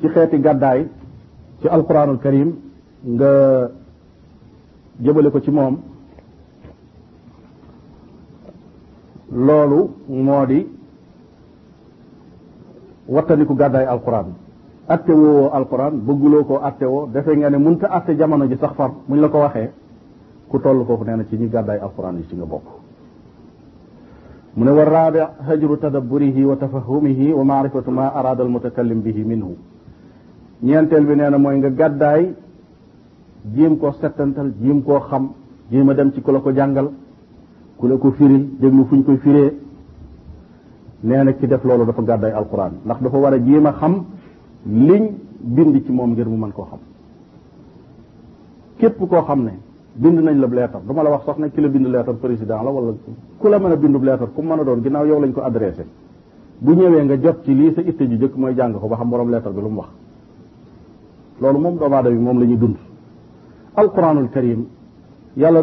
ci xeeti gàddaay ci alquranul karim nga jëbale ko ci moom loolu moo di ku gàddaay alquran atte woowoo alquran bëgguloo koo atte woo defe nga ne munta atte jamono ji sax far muñ la ko waxee ku toll foofu nee na ci ñi gàddaay alquran yi ci nga bokk mu ne war raabi hajru tadabburihi wa tafahumihi wa maarifatu ma araada almutakallim bihi minhu ñeenteel bi nee na mooy nga gàddaay jéem koo settantal jéem koo xam jéem a dem ci ku la ko jàngal ku la ko firil déglu fu ñu koy firee nee na ci def loolu dafa gàdday alquran ndax dafa war a jéem a xam liñ bind ci moom ngir mu mën koo xam képp koo xam ne bind nañ la leetar du ma la wax sox ne ki la bind leetar président la wala ku la mën a bindub leetar ku mën a doon ginnaaw yow lañ ko adressé bu ñëwee nga jot ci lii sa itte ju jëkk mooy jàng ko ba xam borom leetar bi lu mu wax loolu moom doomu aadama bi moom lañuy ñuy dund alquranul karim yàlla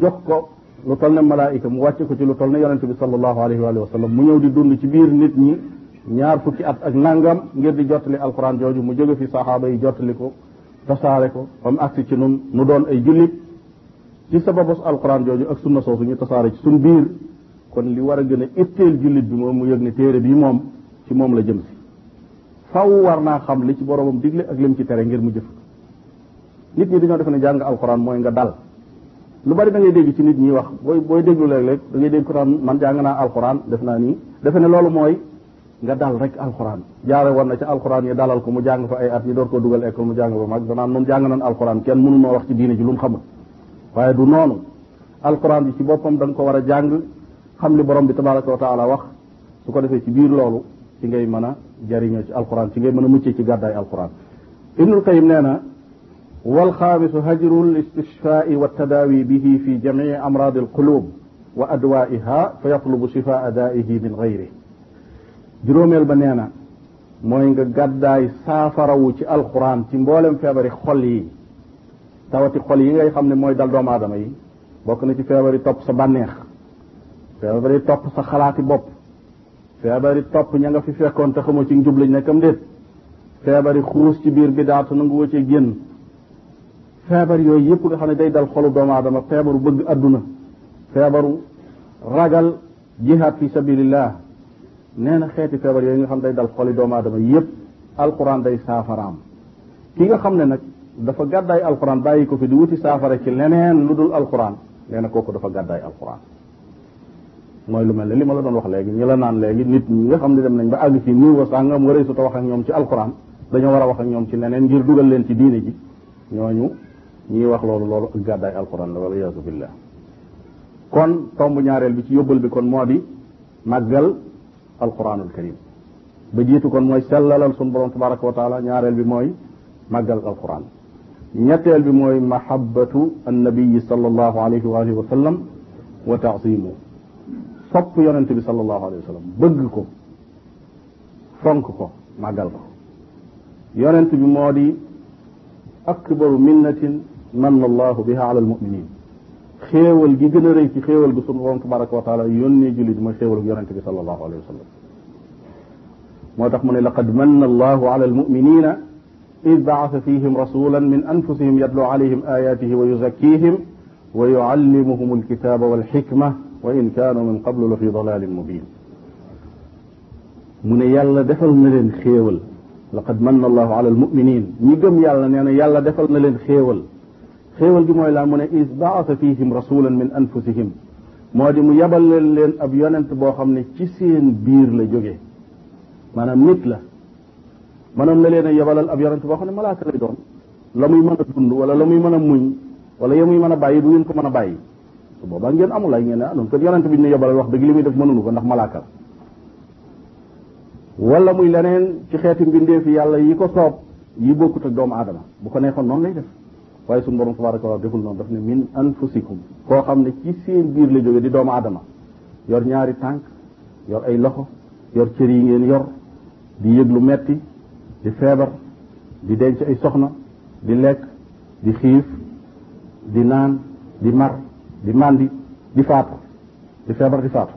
jox ko lu toll ne malaayika mu wàcce ko ci lu tol ne yonente bi sallallahu alayhi wa sallam mu ñëw di dund ci biir nit ñi ñaar fukki at ak nangam ngir di jottali alquran jooju mu jóge fi saxaaba yi jottali ko tasaare ko ba mu ci nun nu doon ay jullit ci sababos alquran jooju ak sunna soosu ñu tasaare ci suñ biir kon li war a gën a itteel jullit bi moom mu yëg ne téere bi moom ci moom la jëm si faw war naa xam li ci boromam digle ak lim ci tere ngir mu jëf nit ñi dañoo def ne jàng alquran mooy nga dal lu bari da ngay dégg ci nit ñi wax booy booy déglu léeg-léeg da ngay dégg ko naan man jàng naa alxuraan def naa nii defe ne loolu mooy nga dal rek alxuraan jaare woon na ci alxuraan yi dalal ko mu jàng fa ay at ñu door koo dugal école mu jàng ba mag danaan moom jàng nan alxuraan kenn mënu noo wax ci diine ji lu mu xamul waaye du noonu alxuraan bi ci boppam da ko war a jàng xam li borom bi tabaraka wa taala wax su ko defee ci biir loolu ci ngay mën a jariñoo ci alxuraan ci ngay mën a muccee ci gàddaay alxuraan والخامس هجر الاستشفاء والتداوي به في جميع أمراض القلوب وأدوائها فيطلب شفاء دائه من غيره juróomeel ba nee na mooy nga gàddaay saafarawu ci alxuraan ci mboolem feebari xol yi tawati xol yi ngay xam ne mooy dal doomu aadama yi bokk na ci feebari topp sa bànneex feebari top sa xalaati bopp feebari top ña nga fi fekkoon te xamoo ci njub lañ nekkam déet feebari ci biir bidaatu nangu woo cee génn feebar yooyu yëpp nga xam ne day dal xolu doomu aadama feebaru bëgg adduna feebaru ragal jihaad fi sabilillah nee na xeeti feebar yooyu nga xam ne day dal xoli doomu aadama yëpp alquran day saafaraam ki nga xam ne nag dafa gàddaay alquran bàyyi ko fi di wuti saafara ci leneen lu dul alquran nee na kooku dafa gàddaay alquran mooy lu mel ne li ma la doon wax léegi ñi la naan léegi nit ñi nga xam ne dem nañ ba àgg ci niveau sàngam waree su ta wax ak ñoom ci alquran dañoo war a wax ak ñoom ci leneen ngir dugal leen ci diine ji ñooñu ñiy wax loolu loolu ak gàddaay alquran la wala yaasu billah kon tomb ñaareel bi ci yóbbal bi kon moo di màggal alquranul karim ba jiitu kon mooy sellalal sun borom tabaraka wa taala ñaareel bi mooy màggal alquran ñetteel bi mooy mahabbatu annabiyi sallallahu alayhi wa alihi wa sallam wa taasimu sopp yonente bi sallallahu alayhi wa sallam bëgg ko fonk ko màggal ko yonent bi moo di akbaru minnatin man allahu biha ala almuminin xéewal gi gën a rëy ci xéewal gi sunu borom tabaraka wa taala yónnee jullit mooy xéewal gi yonente bi salallahu alayhi wa sallam moo tax mu ne laqad mann allahu ala almuminina id baasa fihim rasulan min anfusihim yatlu alayhim ayatihi wa yuzakkihim wa yuallimuhum alkitaba walxikma wa in kaanu min qablu la fi dalalin mubin mu ne yàlla defal na leen xéewal laqad mann allahu ala almuminin ñi gëm yàlla nee na yàlla defal na leen xéewal xéewal gi mooy laa mu ne is baasa fihim rasulan min anfusihim moo di mu yabal leen leen ab yonent boo xam ne ci seen biir la jógee maanaam nit la mënoon na leen a yabalal ab yonent boo xam ne malaaka lay doon la muy mën a wala la muy mën a muñ wala ya muy mën a bàyyi du ngeen ko mën a bàyyi su boobaa ngeen amul ay ngeen ne anoon ah, kon bi ñu ne yabalal wax dëgg li muy def mënunu ko ndax malaaka la wala muy leneen ci xeeti mbindeefi yàlla yi ko soob yi bokkut ak doomu aadama bu ko neexoon noonu lay def waaye suñu borom tabaraka wa deful noonu daf ne min anfusikum koo xam ne ci seen biir la jóge di doomu aadama yor ñaari tànk yor ay loxo yor cër yi ngeen yor di yëg lu metti di feebar di denc ay soxna di lekk di xiif di naan di mar di mandi di faatu di feebar di faatu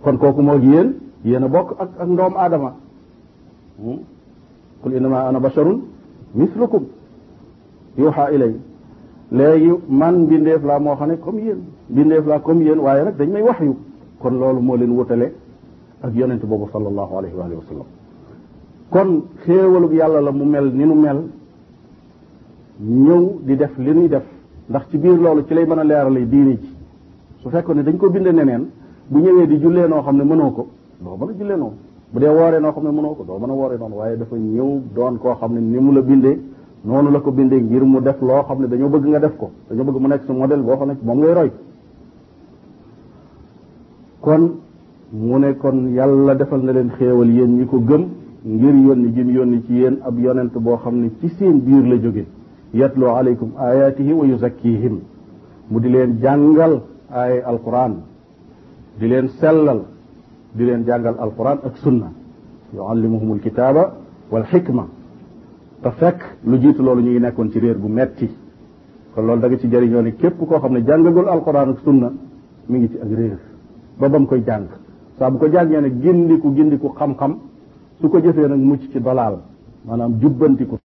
kon kooku moo gi yéen yéen a bokk ak ak ndoom aadama hmm? qul innama ana basharun mislukum yuuxa ilay léegi man mbindeef laa moo xam ne comme yéen mbindeef laa comme yéen waaye nag dañ may wax yu kon loolu moo leen wutale ak yonent boobu sallallahu alayhi wa sallam kon xéewalug yàlla la mu mel ni nu mel ñëw di def li nuy def ndax ci biir loolu ci lay mën a leerale diine ci su fekkoon ne dañ ko binde neneen bu ñëwee di jullee noo xam ne mënoo ko doo mën a jullee noonu bu dee wooree noo xam ne mënoo ko doo mën a wooree noonu waaye dafa ñëw doon koo xam ne ni mu la bindee noonu la ko bindee ngir mu def loo xam ne dañoo bëgg nga def ko dañoo bëgg mu nekk sa modèle boo xam ne moom ngay roy kon mu ne kon yàlla defal na leen xéewal yéen ñi ko gëm ngir yónni jim yon ci yéen ab yonent boo xam ne ci seen biir la jóge yatlu aleykum ayatihi wa yuzakkihim mu di leen jàngal ay alquran di leen sellal di leen jàngal alquran ak sunna yuallimuhum alkitaba wal xikma te fekk lu jiitu loolu ñu ngi nekkoon ci réer bu metti kon loolu da nga ci jëriñoo ne képp koo xam ne jàngagul alquran ak sunna mi ngi ci ak réer ba ba mu koy jàng saa bu ko jàngee ne gindiku gindiku xam-xam su ko jëfee nag mucc ci dalaal maanaam jubbantiku